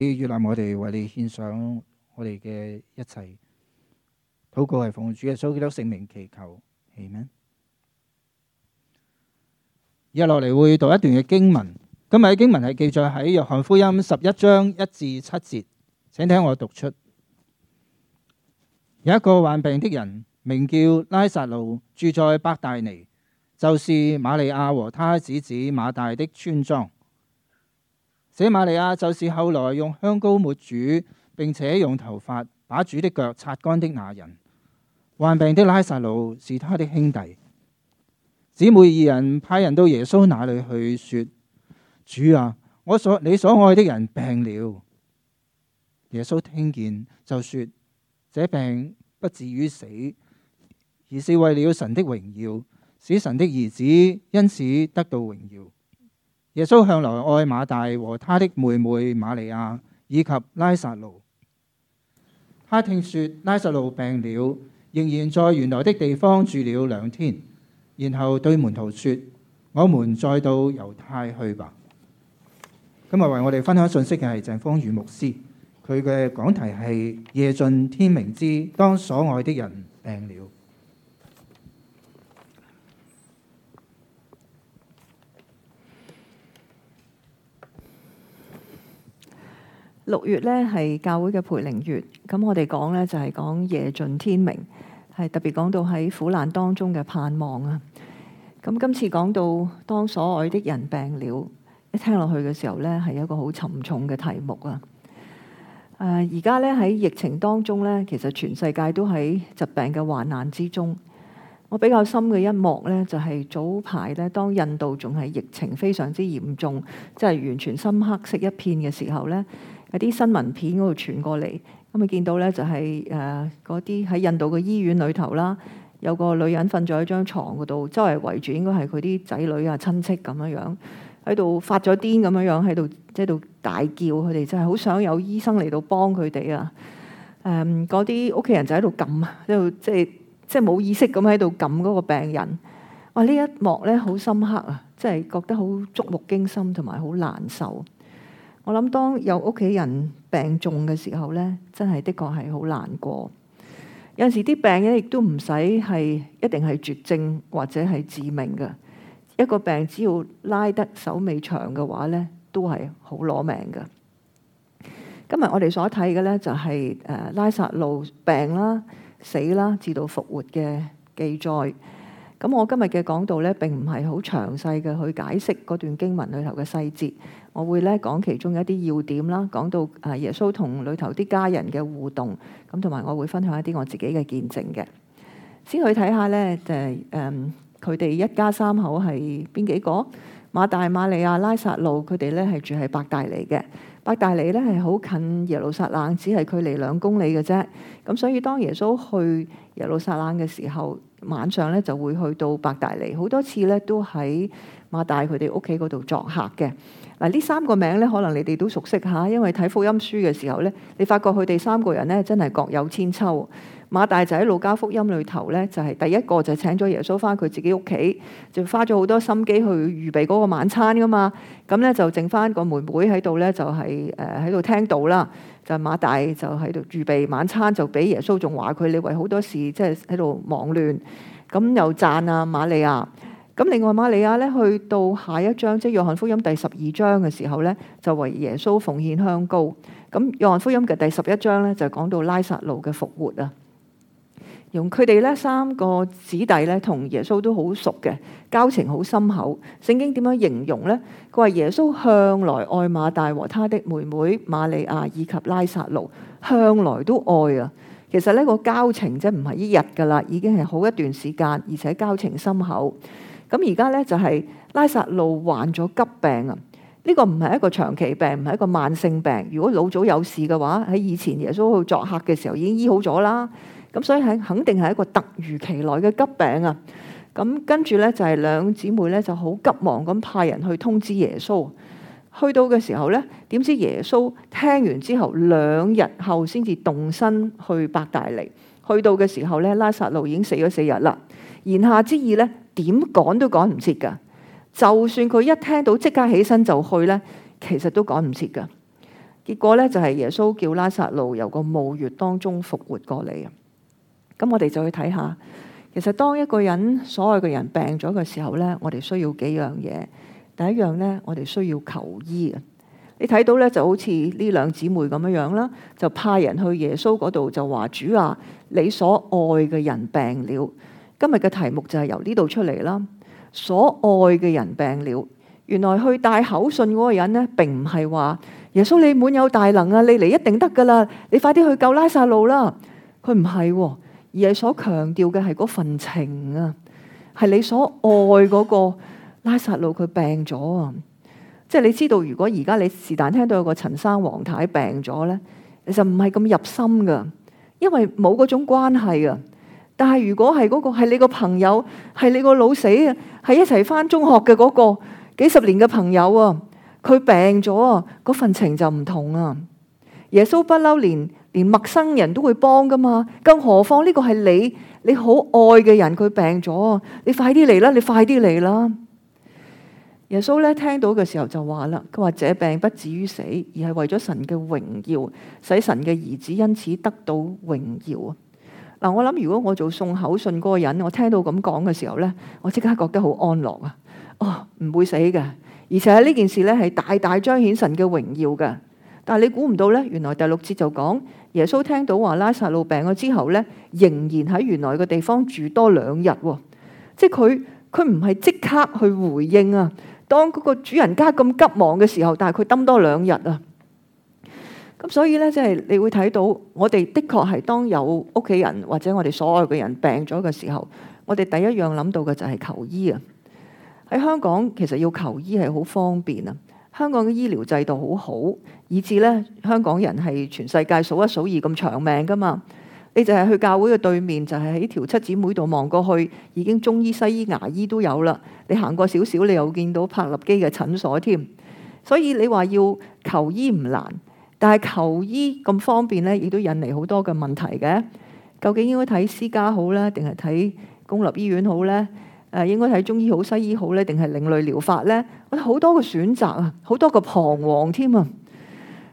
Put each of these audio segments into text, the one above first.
喺越南，我哋為你獻上我哋嘅一切禱告，係奉主嘅，收幾多聖名祈求，係咩？一落嚟會讀一段嘅經文，今日嘅經文係記載喺約翰福音十一章一至七節，請聽我讀出：有一個患病的人，名叫拉撒路，住在伯大尼，就是瑪利亞和她姊姊馬大的村莊。這馬利亞就是後來用香膏抹主，並且用頭髮把主的腳擦乾的那人。患病的拉撒路是他的兄弟。姊妹二人派人到耶穌那裏去說：主啊，我所你所愛的人病了。耶穌聽見就說：這病不至於死，而是為了神的榮耀，使神的兒子因此得到榮耀。耶穌向來愛馬大和他的妹妹瑪利亞以及拉撒路。他聽說拉撒路病了，仍然在原來的地方住了兩天，然後對門徒說：我們再到猶太去吧。今日為我哋分享信息嘅係鄭芳如牧師，佢嘅講題係《夜盡天明之當所愛的人病了》。六月呢，係教會嘅培靈月，咁我哋講呢，就係、是、講夜盡天明，係特別講到喺苦難當中嘅盼望啊。咁今次講到當所愛的人病了，一聽落去嘅時候呢，係一個好沉重嘅題目啊。誒、呃，而家呢，喺疫情當中呢，其實全世界都喺疾病嘅患難之中。我比較深嘅一幕呢，就係、是、早排呢，當印度仲係疫情非常之嚴重，即係完全深黑色一片嘅時候呢，喺啲新聞片嗰度傳過嚟，咁咪見到咧就係誒嗰啲喺印度嘅醫院裏頭啦，有個女人瞓咗喺張床嗰度，周圍圍住應該係佢啲仔女啊親戚咁樣樣喺度發咗癲咁樣樣喺度即係度大叫，佢哋真係好想有醫生嚟到幫佢哋啊！誒、呃，嗰啲屋企人就喺度撳啊，喺度即係即係冇意識咁喺度撳嗰個病人。哇！呢一幕咧好深刻啊，即係覺得好觸目驚心同埋好難受。我諗當有屋企人病重嘅時候咧，真係的，的確係好難過。有陣時啲病咧亦都唔使係一定係絕症或者係致命嘅。一個病只要拉得手尾長嘅話咧，都係好攞命嘅。今日我哋所睇嘅咧就係誒拉撒路病啦，死啦，至到復活嘅記載。咁我今日嘅講道咧，並唔係好詳細嘅去解釋嗰段經文裏頭嘅細節。我會咧講其中一啲要點啦，講到誒耶穌同裏頭啲家人嘅互動咁，同埋我會分享一啲我自己嘅見證嘅。先去睇下咧，就係誒佢哋一家三口係邊幾個？馬大、馬利亞、拉撒路，佢哋咧係住喺伯大尼嘅。伯大尼咧係好近耶路撒冷，只係距離兩公里嘅啫。咁所以當耶穌去耶路撒冷嘅時候，晚上咧就會去到伯大尼，好多次咧都喺馬大佢哋屋企嗰度作客嘅。嗱，呢三個名咧，可能你哋都熟悉下，因為睇福音書嘅時候咧，你發覺佢哋三個人咧，真係各有千秋。馬大就喺《老家福音》裡頭咧，就係、是、第一個就請咗耶穌翻佢自己屋企，就花咗好多心機去預備嗰個晚餐噶嘛。咁咧就剩翻個妹妹喺度咧，就係誒喺度聽到啦。就馬大就喺度預備晚餐就，就俾耶穌仲話佢你為好多事即係喺度忙亂，咁又讚啊瑪利亞。咁另外瑪利亞咧，去到下一章，即係約翰福音第十二章嘅時候咧，就為耶穌奉獻香膏。咁約翰福音嘅第十一章咧，就講到拉撒路嘅復活啊。用佢哋咧三個子弟咧，同耶穌都好熟嘅，交情好深厚。聖經點樣形容咧？佢話耶穌向來愛馬大和他的妹妹瑪利亞以及拉撒路，向來都愛啊。其實呢個交情真唔係一日㗎喇，已經係好一段時間，而且交情深厚。咁而家咧就係拉撒路患咗急病啊！呢個唔係一個長期病，唔係一個慢性病。如果老早有事嘅話，喺以前耶穌去作客嘅時候已經醫好咗啦。咁所以係肯定係一個突如其來嘅急病啊！咁跟住咧就係兩姊妹咧就好急忙咁派人去通知耶穌。去到嘅時候咧，點知耶穌聽完之後兩日後先至動身去伯大尼。去到嘅時候咧，拉撒路已經死咗四日啦。言下之意咧。點趕都趕唔切噶，就算佢一聽到即刻起身就去呢，其實都趕唔切噶。結果呢，就係耶穌叫拉撒路由個墓穴當中復活過嚟啊。咁我哋就去睇下，其實當一個人所愛嘅人病咗嘅時候呢，我哋需要幾樣嘢。第一樣呢，我哋需要求醫啊。你睇到呢，就好似呢兩姊妹咁樣啦，就派人去耶穌嗰度就話：主啊，你所愛嘅人病了。今日嘅題目就係由呢度出嚟啦。所愛嘅人病了，原來去帶口信嗰個人呢，並唔係話耶穌你滿有大能啊，你嚟一定得噶啦，你快啲去救拉撒路啦。佢唔係喎，而係所強調嘅係嗰份情啊，係你所愛嗰個拉撒路佢病咗啊。即係你知道，如果而家你是但聽到有個陳生黃太病咗呢，其實唔係咁入心噶，因為冇嗰種關係噶啊。但係如果係嗰個係你個朋友，係你個老死啊，係一齊翻中學嘅嗰個幾十年嘅朋友啊，佢病咗啊，嗰份情就唔同啊。耶穌不嬲連連陌生人都會幫噶嘛，更何況呢個係你你好愛嘅人，佢病咗啊，你快啲嚟啦，你快啲嚟啦。耶穌咧聽到嘅時候就話啦，佢話：這病不至於死，而係為咗神嘅榮耀，使神嘅兒子因此得到榮耀啊。嗱，我諗如果我做送口信嗰個人，我聽到咁講嘅時候咧，我即刻覺得好安樂啊！哦，唔會死嘅，而且呢件事咧係大大彰顯神嘅榮耀嘅。但係你估唔到咧，原來第六節就講耶穌聽到話拉撒路病咗之後咧，仍然喺原來嘅地方住多兩日，即係佢佢唔係即刻去回應啊！當嗰個主人家咁急忙嘅時候，但係佢蹲多兩日啊！咁所以咧，即係你會睇到我哋的確係當有屋企人或者我哋所愛嘅人病咗嘅時候，我哋第一樣諗到嘅就係求醫啊。喺香港其實要求醫係好方便啊。香港嘅醫療制度好好，以致咧香港人係全世界數一數二咁長命噶嘛。你就係去教會嘅對面，就係喺條七姊妹度望過去，已經中醫、西醫、牙醫都有啦。你行過少少，你又見到柏立基嘅診所添。所以你話要求醫唔難。但係求醫咁方便咧，亦都引嚟好多嘅問題嘅。究竟應該睇私家好咧，定係睇公立醫院好咧？誒、呃，應該睇中醫好、西醫好咧，定係另類療法咧？好多嘅選擇啊，好多嘅彷徨添啊！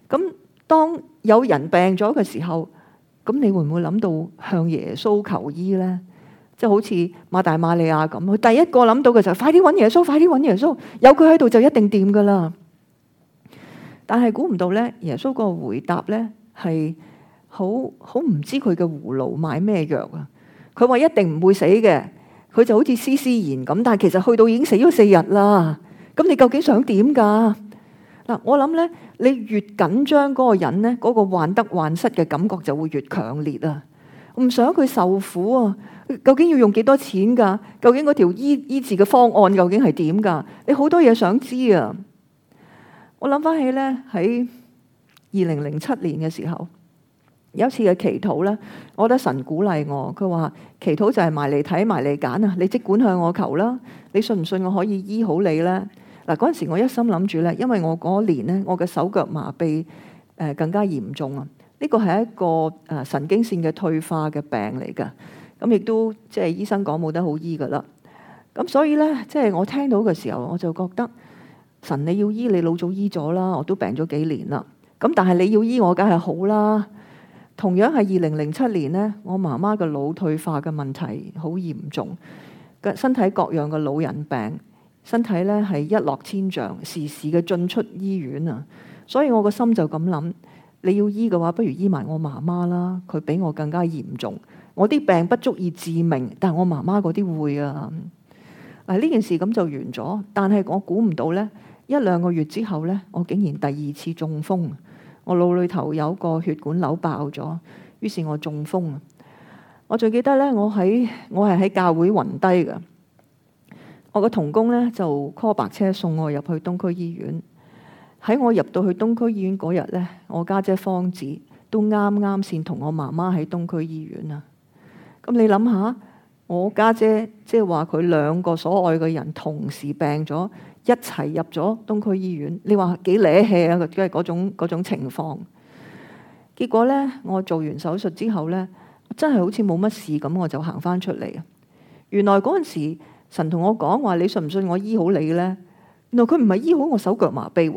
咁、嗯、當有人病咗嘅時候，咁你會唔會諗到向耶穌求醫咧？即係好似馬大馬利亞咁，佢第一個諗到嘅就係快啲揾耶穌，快啲揾耶穌，有佢喺度就一定掂噶啦。但係估唔到咧，耶穌個回答咧係好好，唔知佢嘅葫蘆買咩藥啊！佢話一定唔會死嘅，佢就好似絲絲然咁。但係其實去到已經死咗四日啦。咁你究竟想點㗎？嗱，我諗咧，你越緊張嗰個人咧，嗰個患得患失嘅感覺就會越強烈啊！唔想佢受苦啊！究竟要用幾多錢㗎？究竟嗰條醫醫治嘅方案究竟係點㗎？你好多嘢想知啊！我諗翻起咧喺二零零七年嘅時候，有一次嘅祈禱咧，我覺得神鼓勵我，佢話祈禱就係埋嚟睇埋嚟揀啊！你即管向我求啦，你信唔信我可以醫好你咧？嗱嗰陣時我一心諗住咧，因為我嗰年咧我嘅手腳麻痹誒更加嚴重啊！呢個係一個誒神經線嘅退化嘅病嚟噶，咁亦都即係醫生講冇得好醫噶啦。咁所以咧即係我聽到嘅時候，我就覺得。神你要醫你老早醫咗啦，我都病咗幾年啦。咁但係你要醫我梗係好啦。同樣係二零零七年呢，我媽媽嘅腦退化嘅問題好嚴重，嘅身體各樣嘅老人病，身體咧係一落千丈，時時嘅進出醫院啊。所以我個心就咁諗：你要醫嘅話，不如醫埋我媽媽啦。佢比我更加嚴重。我啲病不足以致命，但係我媽媽嗰啲會啊。啊呢件事咁就完咗，但係我估唔到呢。一兩個月之後呢，我竟然第二次中風。我腦裏頭有個血管瘤爆咗，於是，我中風。我最記得呢，我喺我係喺教會暈低嘅。我個同工呢，就 call 白車送我入去東區醫院。喺我入到去東區醫院嗰日呢，我家姐方子都啱啱先同我媽媽喺東區醫院啊。咁你諗下，我家姐即係話佢兩個所愛嘅人同時病咗。一齊入咗東區醫院，你話幾惹氣啊！即係嗰種嗰種情況。結果咧，我做完手術之後咧，真係好似冇乜事咁，我就行翻出嚟。原來嗰陣時，神同我講話：你信唔信我醫好你咧？原來佢唔係醫好我手腳麻痹，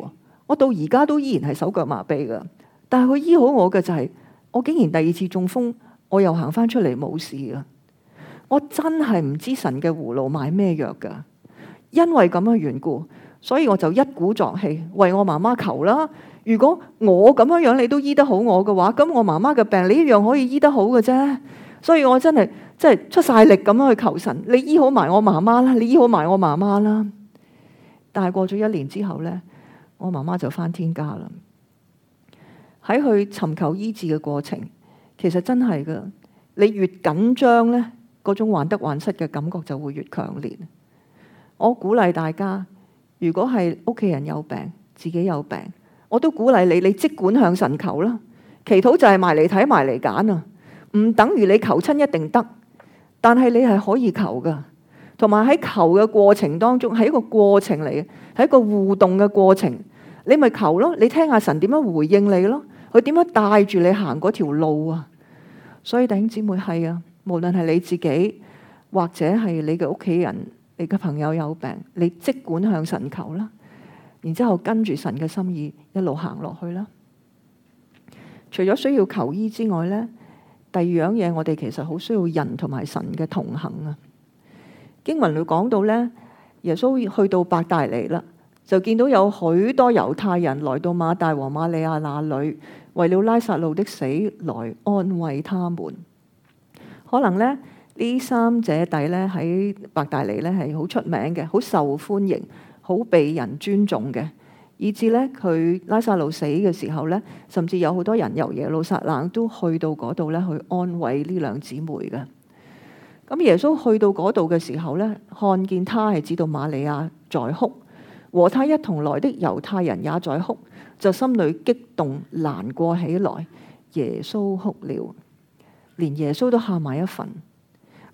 我到而家都依然係手腳麻痹噶。但係佢醫好我嘅就係，我竟然第二次中風，我又行翻出嚟冇事啊！我真係唔知神嘅葫蘆賣咩藥噶。因為咁嘅緣故，所以我就一鼓作氣為我媽媽求啦。如果我咁樣樣你都醫得好我嘅話，咁我媽媽嘅病你一樣可以醫得好嘅啫。所以我真係即係出晒力咁樣去求神，你醫好埋我媽媽啦，你醫好埋我媽媽啦。但係過咗一年之後呢，我媽媽就翻天家啦。喺去尋求醫治嘅過程，其實真係噶，你越緊張呢，嗰種患得患失嘅感覺就會越強烈。我鼓勵大家，如果係屋企人有病，自己有病，我都鼓勵你，你即管向神求啦。祈禱就係埋嚟睇埋嚟揀啊，唔等於你求親一定得，但係你係可以求噶。同埋喺求嘅過程當中，係一個過程嚟嘅，係一個互動嘅過程。你咪求咯，你聽下神點樣回應你咯，佢點樣帶住你行嗰條路啊。所以弟兄姊妹係啊，無論係你自己或者係你嘅屋企人。你嘅朋友有病，你即管向神求啦，然之後跟住神嘅心意一路行落去啦。除咗需要求醫之外咧，第二樣嘢我哋其實好需要人同埋神嘅同行啊。經文裏講到咧，耶穌去到伯大尼啦，就見到有許多猶太人來到馬大和馬利亞那裏，為了拉撒路的死來安慰他們。可能咧。呢三姐弟咧喺白大利咧，係好出名嘅，好受歡迎，好被人尊重嘅，以至咧佢拉撒路死嘅時候咧，甚至有好多人由耶路撒冷都去到嗰度咧去安慰呢兩姊妹嘅。咁耶穌去到嗰度嘅時候呢，看見他係知道瑪利亞在哭，和他一同來的猶太人也在哭，就心裏激動，難過起來。耶穌哭了，連耶穌都喊埋一份。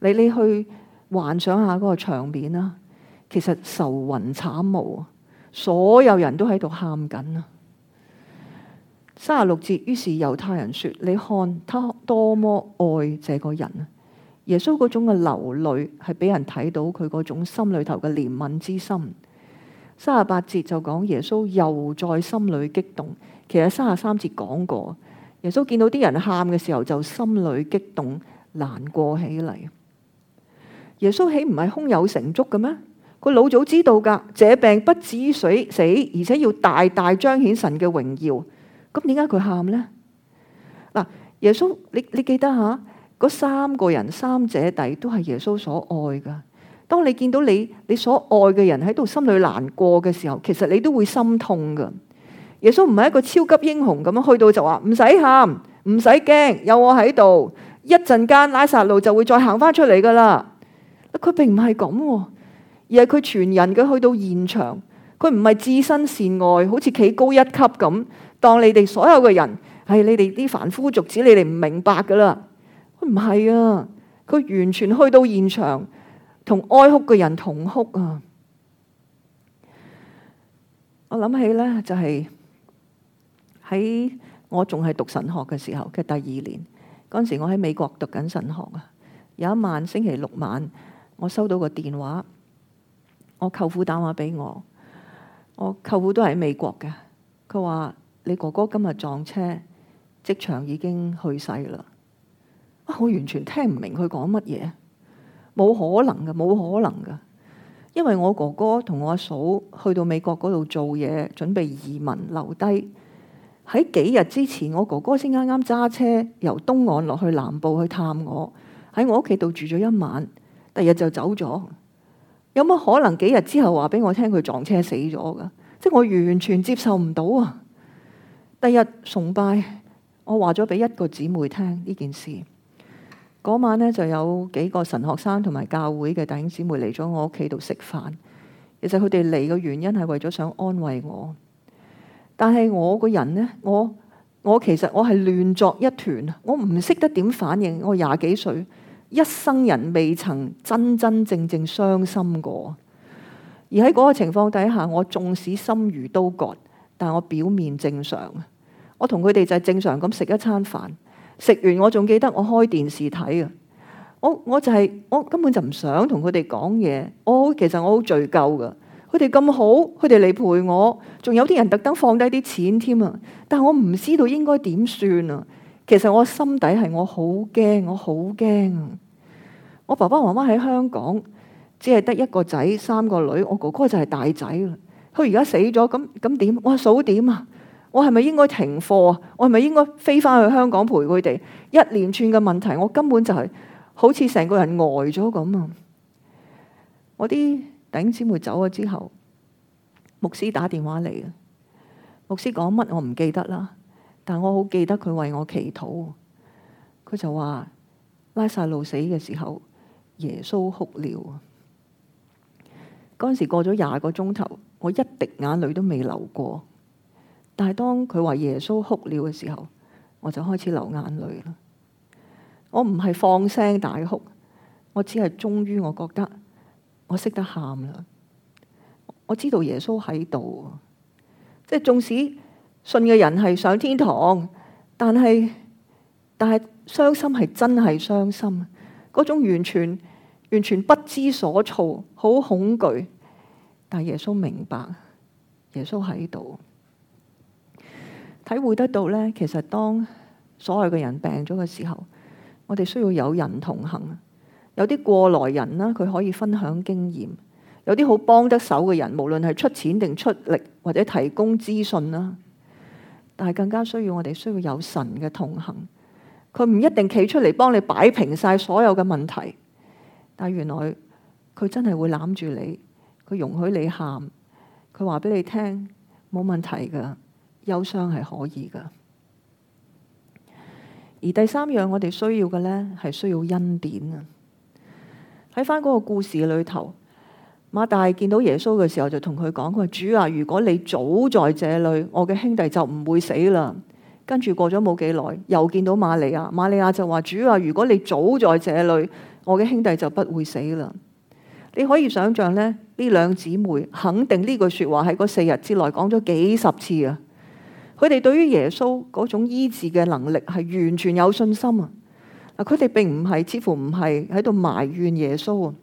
你你去幻想下嗰個場面啊，其實愁雲慘霧，所有人都喺度喊緊啊。三十六節，於是猶太人說：你看他多麼愛這個人啊！耶穌嗰種嘅流淚係俾人睇到佢嗰種心裏頭嘅憐憫之心。三十八節就講耶穌又再心裏激動，其實三十三節講過，耶穌見到啲人喊嘅時候就心裏激動難過起嚟。耶穌豈唔係空有成竹嘅咩？佢老早知道噶，這病不止水死，而且要大大彰顯神嘅榮耀。咁點解佢喊呢？嗱，耶穌，你你記得吓，嗰三個人三姐弟都係耶穌所愛噶。當你見到你你所愛嘅人喺度，心裏難過嘅時候，其實你都會心痛噶。耶穌唔係一個超級英雄咁樣，去到就話唔使喊，唔使驚，有我喺度。一陣間拉撒路就會再行翻出嚟噶啦。佢並唔係咁，而係佢全人佢去到現場，佢唔係置身事外，好似企高一級咁。當你哋所有嘅人係你哋啲凡夫俗子，你哋唔明白噶啦。佢唔係啊，佢完全去到現場，同哀哭嘅人同哭啊！我諗起咧，就係喺我仲係讀神學嘅時候嘅第二年，嗰陣時我喺美國讀緊神學啊，有一晚星期六晚。我收到個電話，我舅父打話俾我，我舅父都喺美國嘅。佢話：你哥哥今日撞車，職場已經去世啦！我完全聽唔明佢講乜嘢，冇可能嘅，冇可能嘅，因為我哥哥同我阿嫂去到美國嗰度做嘢，準備移民留低。喺幾日之前，我哥哥先啱啱揸車由東岸落去南部去探我，喺我屋企度住咗一晚。第日就走咗，有乜可能幾日之後話俾我聽佢撞車死咗㗎？即係我完全接受唔到啊！第日崇拜，我話咗俾一個姊妹聽呢件事。嗰晚呢，就有幾個神學生同埋教會嘅弟兄姊妹嚟咗我屋企度食飯。其實佢哋嚟嘅原因係為咗想安慰我，但係我個人呢，我我其實我係亂作一團，我唔識得點反應。我廿幾歲。一生人未曾真真正正傷心過，而喺嗰個情況底下，我縱使心如刀割，但我表面正常。我同佢哋就係正常咁食一餐飯，食完我仲記得我開電視睇啊！我我就係、是、我根本就唔想同佢哋講嘢，我其實我好罪疚㗎。佢哋咁好，佢哋嚟陪我，仲有啲人特登放低啲錢添啊！但係我唔知道應該點算啊！其實我心底係我好驚，我好驚。我爸爸媽媽喺香港，只係得一個仔，三個女。我哥哥就係大仔啦。佢而家死咗，咁咁點？我數點啊？我係咪應該停課？我係咪應該飛返去香港陪佢哋？一連串嘅問題，我根本就係、是、好似成個人呆咗咁啊！我啲弟兄姊妹走咗之後，牧師打電話嚟啊！牧師講乜我唔記得啦。但我好記得佢為我祈禱，佢就話拉撒路死嘅時候，耶穌哭了。嗰時過咗廿個鐘頭，我一滴眼淚都未流過。但係當佢話耶穌哭了嘅時候，我就開始流眼淚啦。我唔係放聲大哭，我只係終於我覺得我識得喊啦。我知道耶穌喺度，即係縱使。信嘅人係上天堂，但係但係傷心係真係傷心，嗰種完全完全不知所措，好恐懼。但耶穌明白，耶穌喺度體會得到咧。其實當所有嘅人病咗嘅時候，我哋需要有人同行。有啲過來人啦，佢可以分享經驗；有啲好幫得手嘅人，無論係出錢定出力，或者提供資訊啦。但係更加需要，我哋需要有神嘅同行，佢唔一定企出嚟幫你擺平晒所有嘅問題，但原來佢真係會攬住你，佢容許你喊，佢話俾你聽冇問題噶，憂傷係可以噶。而第三樣我哋需要嘅呢，係需要恩典啊！睇翻嗰個故事裏頭。馬大係見到耶穌嘅時候，就同佢講，佢話，主啊，如果你早在這裏，我嘅兄弟就唔會死啦。跟住過咗冇幾耐，又見到瑪利亞，瑪利亞就話，主啊，如果你早在這裏，我嘅兄弟就不會死啦。你可以想象咧，呢兩姊妹肯定呢句說話喺嗰四日之內講咗幾十次啊。佢哋對於耶穌嗰種醫治嘅能力係完全有信心啊。啊，佢哋並唔係，似乎唔係喺度埋怨耶穌啊，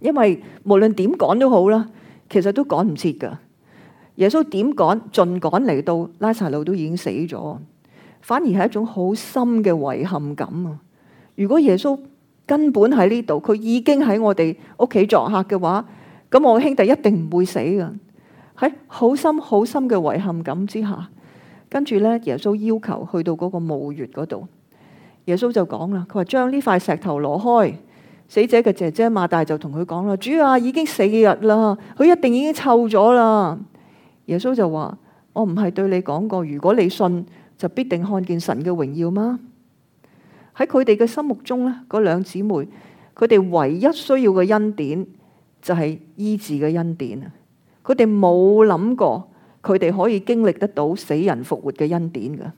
因為無論點趕都好啦，其實都趕唔切噶。耶穌點趕，盡趕嚟到拉撒路都已經死咗，反而係一種好深嘅遺憾感啊！如果耶穌根本喺呢度，佢已經喺我哋屋企作客嘅話，咁我兄弟一定唔會死噶。喺好深好深嘅遺憾感之下，跟住咧，耶穌要求去到嗰個墓穴嗰度，耶穌就講啦，佢話將呢塊石頭挪開。死者嘅姐姐馬大就同佢講啦：主啊，已經四日啦，佢一定已經臭咗啦。耶穌就話：我唔係對你講過，如果你信，就必定看見神嘅榮耀嗎？喺佢哋嘅心目中咧，嗰兩姊妹，佢哋唯一需要嘅恩典就係醫治嘅恩典啊！佢哋冇諗過佢哋可以經歷得到死人復活嘅恩典噶。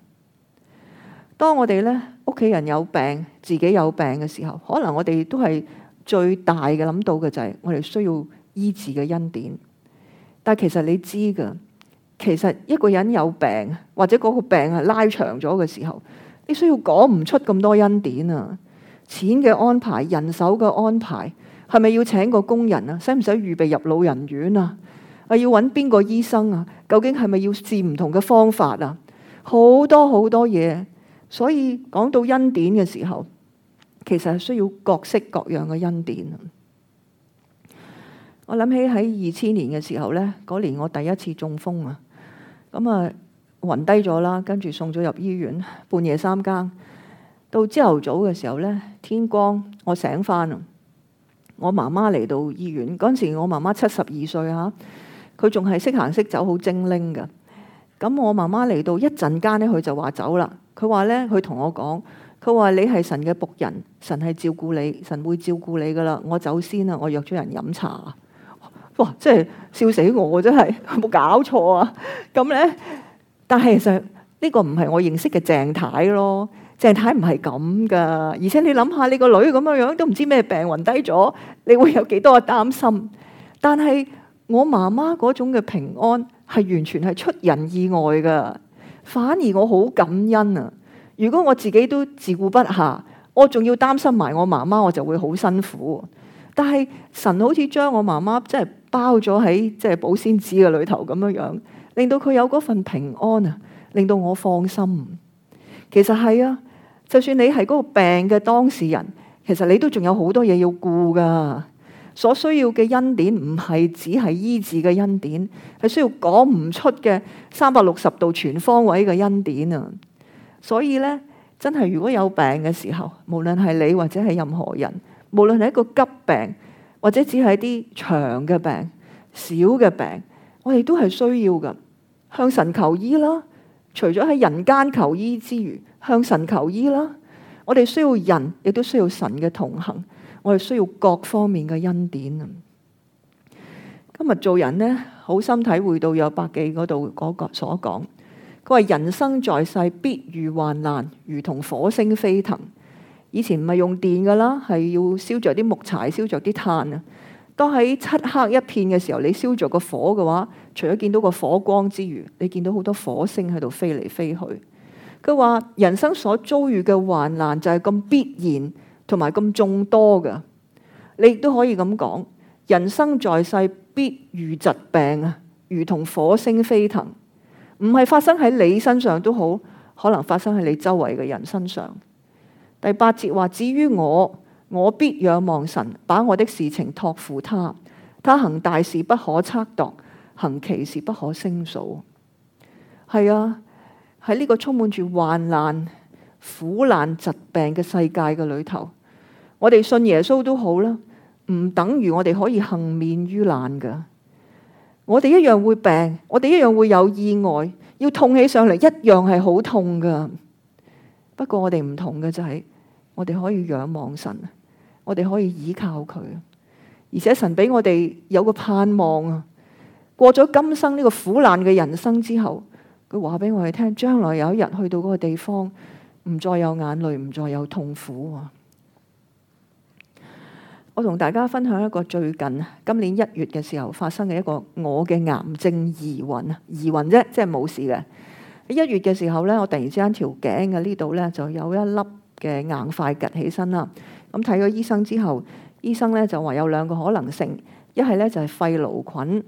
當我哋咧。屋企人有病，自己有病嘅時候，可能我哋都係最大嘅諗到嘅就係我哋需要醫治嘅恩典。但其實你知噶，其實一個人有病或者嗰個病啊拉長咗嘅時候，你需要講唔出咁多恩典啊。錢嘅安排、人手嘅安排，係咪要請個工人啊？使唔使預備入老人院啊？啊，要揾邊個醫生啊？究竟係咪要試唔同嘅方法啊？好多好多嘢。所以講到恩典嘅時候，其實係需要各式各樣嘅恩典。我諗起喺二千年嘅時候咧，嗰年我第一次中風啊，咁啊暈低咗啦，跟住送咗入醫院，半夜三更到朝頭早嘅時候咧，天光我醒翻，我媽媽嚟到醫院嗰陣時，我媽媽，我媽媽七十二歲嚇，佢仲係識行識走，好精靈㗎。咁我媽媽嚟到一陣間咧，佢就話走啦。佢話咧，佢同我講：佢話你係神嘅僕人，神係照顧你，神會照顧你噶啦。我走先啊，我約咗人飲茶。哇！即係笑死我，真係冇搞錯啊？咁咧，但係其實呢個唔係我認識嘅鄭太咯。鄭太唔係咁噶。而且你諗下，你個女咁樣樣都唔知咩病，暈低咗，你會有幾多嘅擔心？但係我媽媽嗰種嘅平安係完全係出人意外嘅。反而我好感恩啊！如果我自己都自顧不暇，我仲要擔心埋我媽媽，我就會好辛苦啊。但係神好似將我媽媽即係包咗喺即係保鮮紙嘅裏頭咁樣樣，令到佢有嗰份平安啊，令到我放心。其實係啊，就算你係嗰個病嘅當事人，其實你都仲有好多嘢要顧㗎。所需要嘅恩典唔係只係醫治嘅恩典，係需要講唔出嘅三百六十度全方位嘅恩典啊！所以咧，真係如果有病嘅時候，無論係你或者係任何人，無論係一個急病或者只係一啲長嘅病、小嘅病，我哋都係需要㗎。向神求醫啦！除咗喺人間求醫之餘，向神求醫啦！我哋需要人，亦都需要神嘅同行。我哋需要各方面嘅恩典啊！今日做人呢，好心體會到約伯記嗰度嗰個，所講，佢話人生在世必遇患難，如同火星飛騰。以前唔係用電噶啦，係要燒着啲木柴，燒着啲炭啊。當喺漆黑一片嘅時候，你燒着個火嘅話，除咗見到個火光之餘，你見到好多火星喺度飛嚟飛去。佢話人生所遭遇嘅患難就係咁必然。同埋咁眾多嘅，你亦都可以咁講：人生在世必遇疾病啊，如同火星飛騰，唔係發生喺你身上都好，可能發生喺你周圍嘅人身上。第八節話：至於我，我必仰望神，把我的事情託付他。他行大事不可測度，行奇事不可勝數。係啊，喺呢個充滿住患難苦難疾病嘅世界嘅裏頭，我哋信耶穌都好啦，唔等於我哋可以幸免於難噶。我哋一樣會病，我哋一樣會有意外，要痛起上嚟一樣係好痛噶。不過我哋唔同嘅就係，我哋可以仰望神，我哋可以依靠佢，而且神俾我哋有個盼望啊。過咗今生呢個苦難嘅人生之後，佢話俾我哋聽，將來有一日去到嗰個地方。唔再有眼淚，唔再有痛苦。我同大家分享一個最近今年一月嘅時候發生嘅一個我嘅癌症疑雲啊，疑雲啫，即係冇事嘅。一月嘅時候呢，我突然之間條頸嘅呢度呢，就有一粒嘅硬塊凸起身啦。咁睇咗醫生之後，醫生呢就話有兩個可能性，一係呢，就係肺癆菌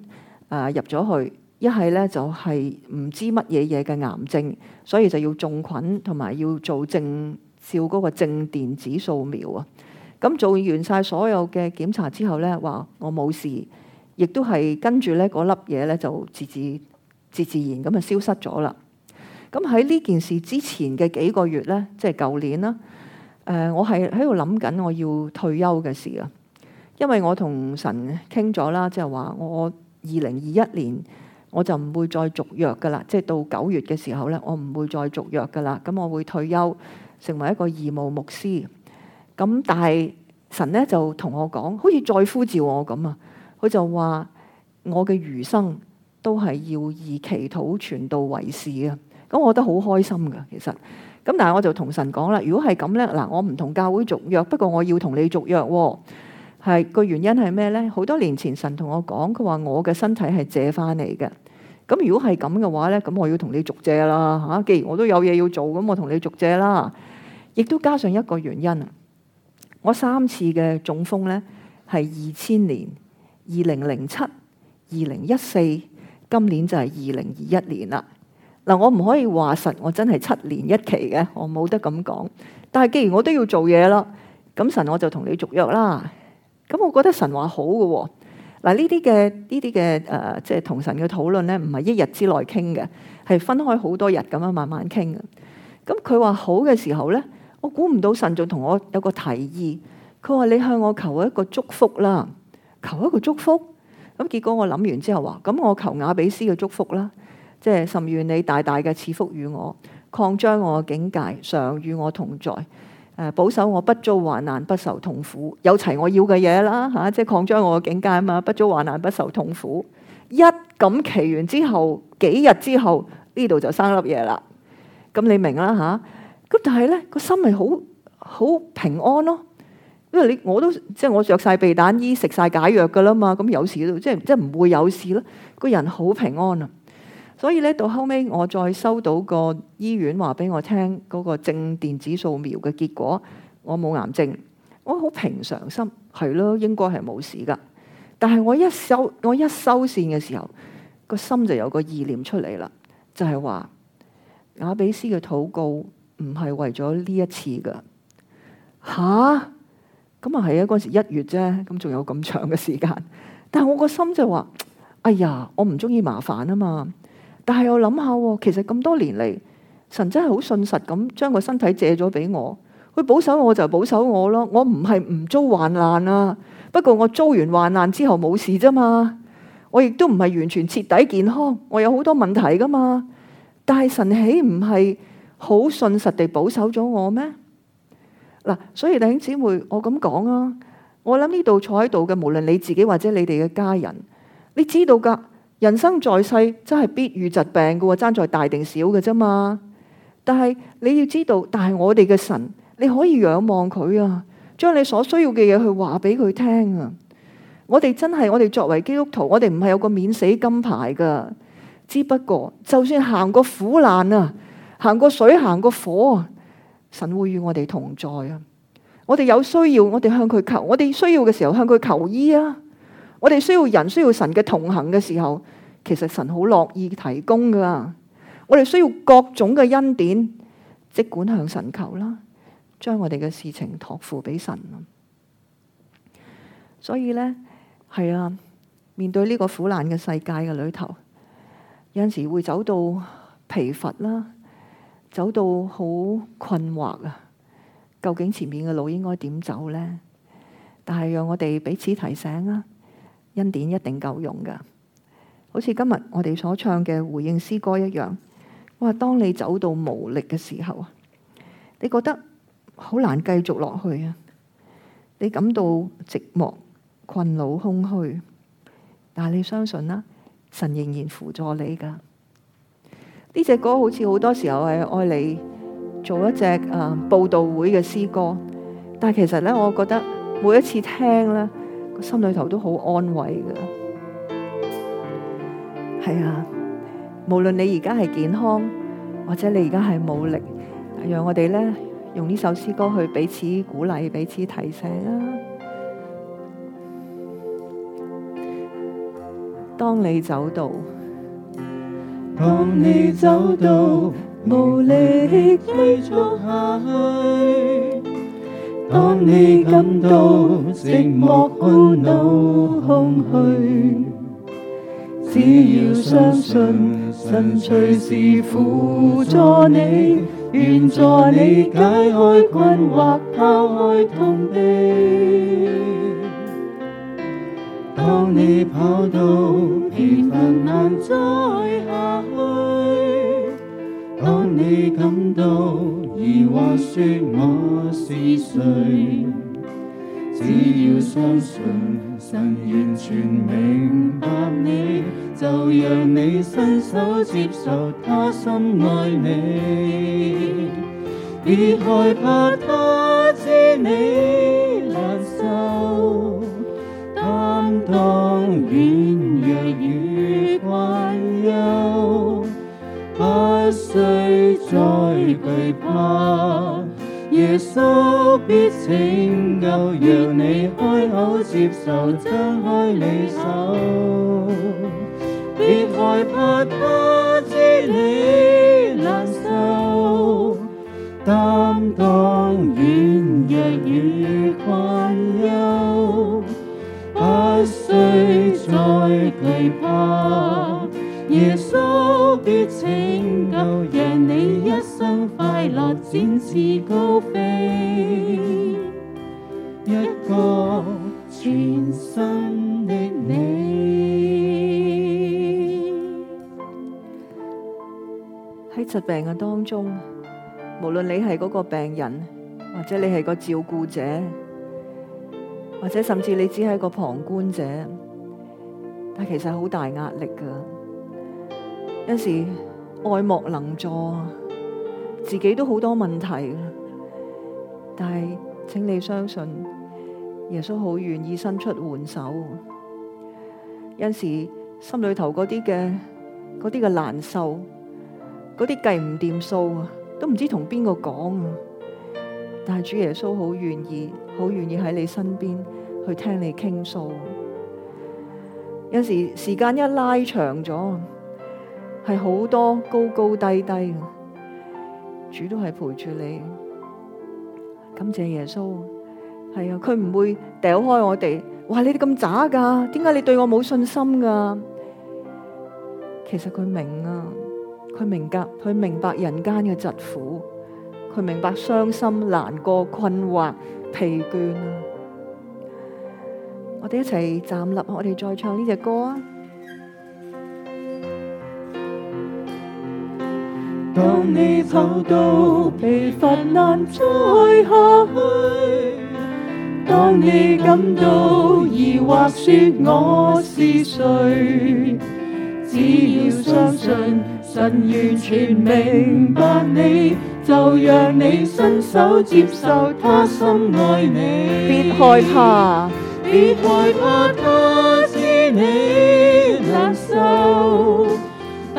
啊入咗去。一係咧就係唔知乜嘢嘢嘅癌症，所以就要種菌同埋要做正照嗰個正電子掃描啊。咁、嗯、做完晒所有嘅檢查之後咧，話我冇事，亦都係跟住咧嗰粒嘢咧就自自自自然咁就消失咗啦。咁喺呢件事之前嘅幾個月咧，即係舊年啦。誒、呃，我係喺度諗緊我要退休嘅事啊，因為我同神傾咗啦，即係話我二零二一年。我就唔會再續約噶啦，即係到九月嘅時候呢，我唔會再續約噶啦，咁我會退休成為一個義務牧師。咁但係神呢，就同我講，好似再呼召我咁啊，佢就話我嘅餘生都係要以祈禱傳道為事啊。咁我覺得好開心噶，其實。咁但係我就同神講啦，如果係咁呢，嗱我唔同教會續約，不過我要同你續約喎、哦。係個原因係咩呢？好多年前神同我講，佢話我嘅身體係借翻嚟嘅。咁如果係咁嘅話呢，咁我要同你續借啦吓。既然我都有嘢要做，咁我同你續借啦。亦都加上一個原因，我三次嘅中風呢係二千年、二零零七、二零一四，今年就係二零二一年啦。嗱，我唔可以話實我真係七年一期嘅，我冇得咁講。但係既然我都要做嘢啦，咁神我就同你續約啦。咁我覺得神話好嘅喎，哦，嗱呢啲嘅呢啲嘅誒，即係、呃就是、同神嘅討論咧，唔係一日之內傾嘅，係分開好多日咁樣慢慢傾嘅。咁佢話好嘅時候咧，我估唔到神仲同我有個提議。佢話你向我求一個祝福啦，求一個祝福。咁、嗯、結果我諗完之後話，咁我求雅比斯嘅祝福啦，即係甚願你大大嘅賜福與我，擴張我嘅境界，常與我同在。誒，保守我不遭患難，不受痛苦，有齊我要嘅嘢啦，嚇，即係擴張我嘅境界啊嘛，不遭患難，不受痛苦。一咁祈完之後，幾日之後呢度就生粒嘢啦，咁你明啦，嚇。咁但係咧，個心咪好好平安咯，因為你我都即係、就是，我著曬避彈衣，食晒解藥㗎啦嘛。咁有事都即係，即係唔會有事咯，個人好平安啊！所以咧，到後尾我再收到個醫院話俾我聽嗰個正電子掃描嘅結果，我冇癌症，我好平常心，係咯，應該係冇事噶。但係我一收我一收線嘅時候，個心就有個意念出嚟啦，就係話雅比斯嘅禱告唔係為咗呢一次噶吓？咁啊係啊，嗰陣時一月啫，咁仲有咁長嘅時間。但係我個心就話：哎呀，我唔中意麻煩啊嘛。但係我諗下，其實咁多年嚟，神真係好信實咁將個身體借咗俾我，佢保守我就保守我咯。我唔係唔遭患難啊，不過我遭完患難之後冇事啫嘛。我亦都唔係完全徹底健康，我有好多問題噶嘛。但係神豈唔係好信實地保守咗我咩？嗱，所以弟兄姊妹，我咁講啊，我諗呢度坐喺度嘅，無論你自己或者你哋嘅家人，你知道噶。人生在世真係必遇疾病嘅，爭在大定少嘅啫嘛。但係你要知道，但係我哋嘅神，你可以仰望佢啊，將你所需要嘅嘢，去話俾佢聽啊。我哋真係我哋作為基督徒，我哋唔係有個免死金牌嘅，之不過就算行過苦難啊，行過水，行過火，神會與我哋同在啊。我哋有需要，我哋向佢求；我哋需要嘅時候向佢求醫啊。我哋需要人需要神嘅同行嘅時候，其實神好樂意提供㗎。我哋需要各種嘅恩典，即管向神求啦，將我哋嘅事情託付俾神。所以呢，係啊，面對呢個苦難嘅世界嘅裏頭，有陣時會走到疲乏啦，走到好困惑啊。究竟前面嘅路應該點走呢？但係讓我哋彼此提醒啊！恩典一定夠用噶好似今日我哋所唱嘅回應詩歌一樣。哇，當你走到無力嘅時候啊,你覺得好難繼續落去啊，你感到寂寞、困惱、空虛，但係你相信啦，神仍然扶助你噶呢隻歌好似好多時候係愛嚟做一隻誒佈道會嘅詩歌，但係其實咧，我覺得每一次聽咧。我心裏頭都好安慰嘅，係啊！無論你而家係健康，或者你而家係無力，讓我哋咧用呢首詩歌去彼此鼓勵、彼此提醒啊！當你走到，當你走到無力繼續下去。當你感到寂寞到、感到空虛，只要相信神隨時輔助你，願助你解開困惑，拋開痛悲。當你跑到疲憊難再下去，當你感到，說我是誰，只要相信神完全明白你，就讓你伸手接受他深愛你，別害怕他知你。耶穌必拯救，讓你開口接受，張開你手，別害怕，他知你難受，擔當軟弱與困憂，不需再懼怕。耶穌嘅拯救，讓你一生快樂，展翅高飛，一個全新的你。喺疾病嘅當中，無論你係嗰個病人，或者你係個照顧者，或者甚至你只係個旁觀者，但其實好大壓力噶。有時愛莫能助，自己都好多問題。但係請你相信，耶穌好願意伸出援手。有時心裡頭嗰啲嘅嗰啲嘅難受，嗰啲計唔掂數啊，都唔知同邊個講啊。但係主耶穌好願意，好願意喺你身邊去聽你傾訴。有時時間一拉長咗。係好多高高低低嘅，主都係陪住你，感謝耶穌。係啊，佢唔會掉開我哋。哇，你哋咁渣噶？點解你對我冇信心噶？其實佢明啊，佢明白，佢明白人間嘅疾苦，佢明白傷心、難過、困惑、疲倦啊！我哋一齊站立，我哋再唱呢隻歌啊！當你跑到疲乏難再下去，當你感到疑惑説我是誰，只要相信神完全明白你，就讓你伸手接受他心愛你。別害怕，別害怕，他知你難受。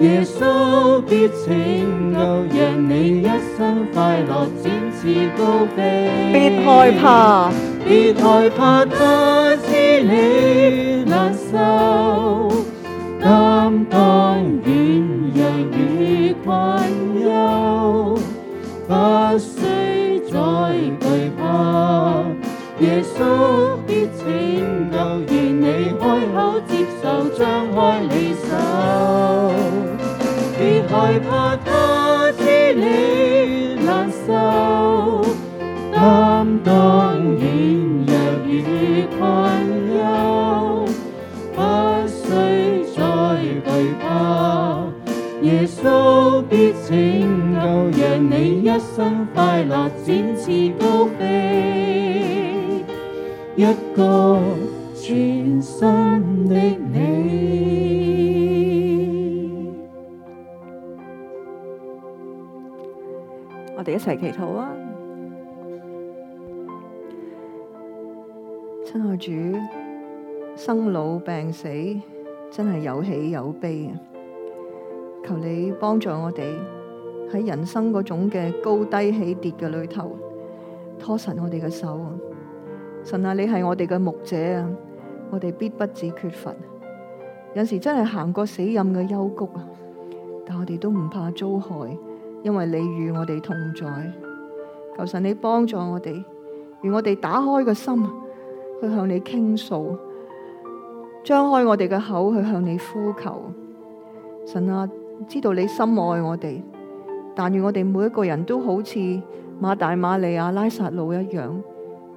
耶別害怕，別害怕，他知你難受，擔當軟弱與困憂，不需再懼怕。耶穌必拯救，願你開口。接受，張開你手，別害怕他痴戀難受，等等。提祈禱啊！親愛主，生老病死真係有喜有悲啊！求你幫助我哋喺人生嗰種嘅高低起跌嘅裏頭，拖實我哋嘅手。神啊，你係我哋嘅牧者啊！我哋必不至缺乏，有時真係行過死蔭嘅幽谷啊！但我哋都唔怕遭害。因為你與我哋同在，求神你幫助我哋，與我哋打開個心去向你傾訴，張開我哋嘅口去向你呼求。神啊，知道你深愛我哋，但願我哋每一個人都好似馬大、馬利亞、拉撒路一樣，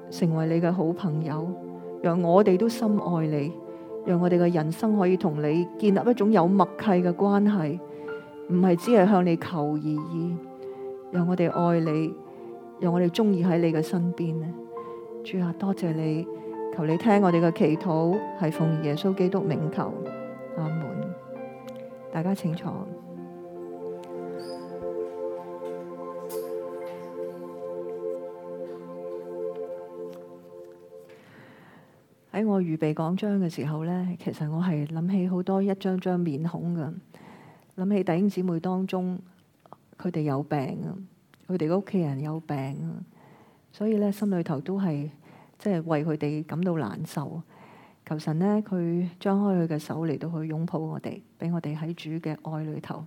成為你嘅好朋友。讓我哋都深愛你，讓我哋嘅人生可以同你建立一種有默契嘅關係。唔係只係向你求而已，讓我哋愛你，讓我哋中意喺你嘅身邊呢。主啊，多謝你，求你聽我哋嘅祈禱，係奉耶穌基督名求。阿門。大家請坐。喺我預備講章嘅時候呢，其實我係諗起好多一張張面孔嘅。諗起弟兄姊妹當中，佢哋有病啊，佢哋嘅屋企人有病啊，所以咧，心裏頭都係即係為佢哋感到難受。求神咧，佢張開佢嘅手嚟到去擁抱我哋，俾我哋喺主嘅愛裏頭。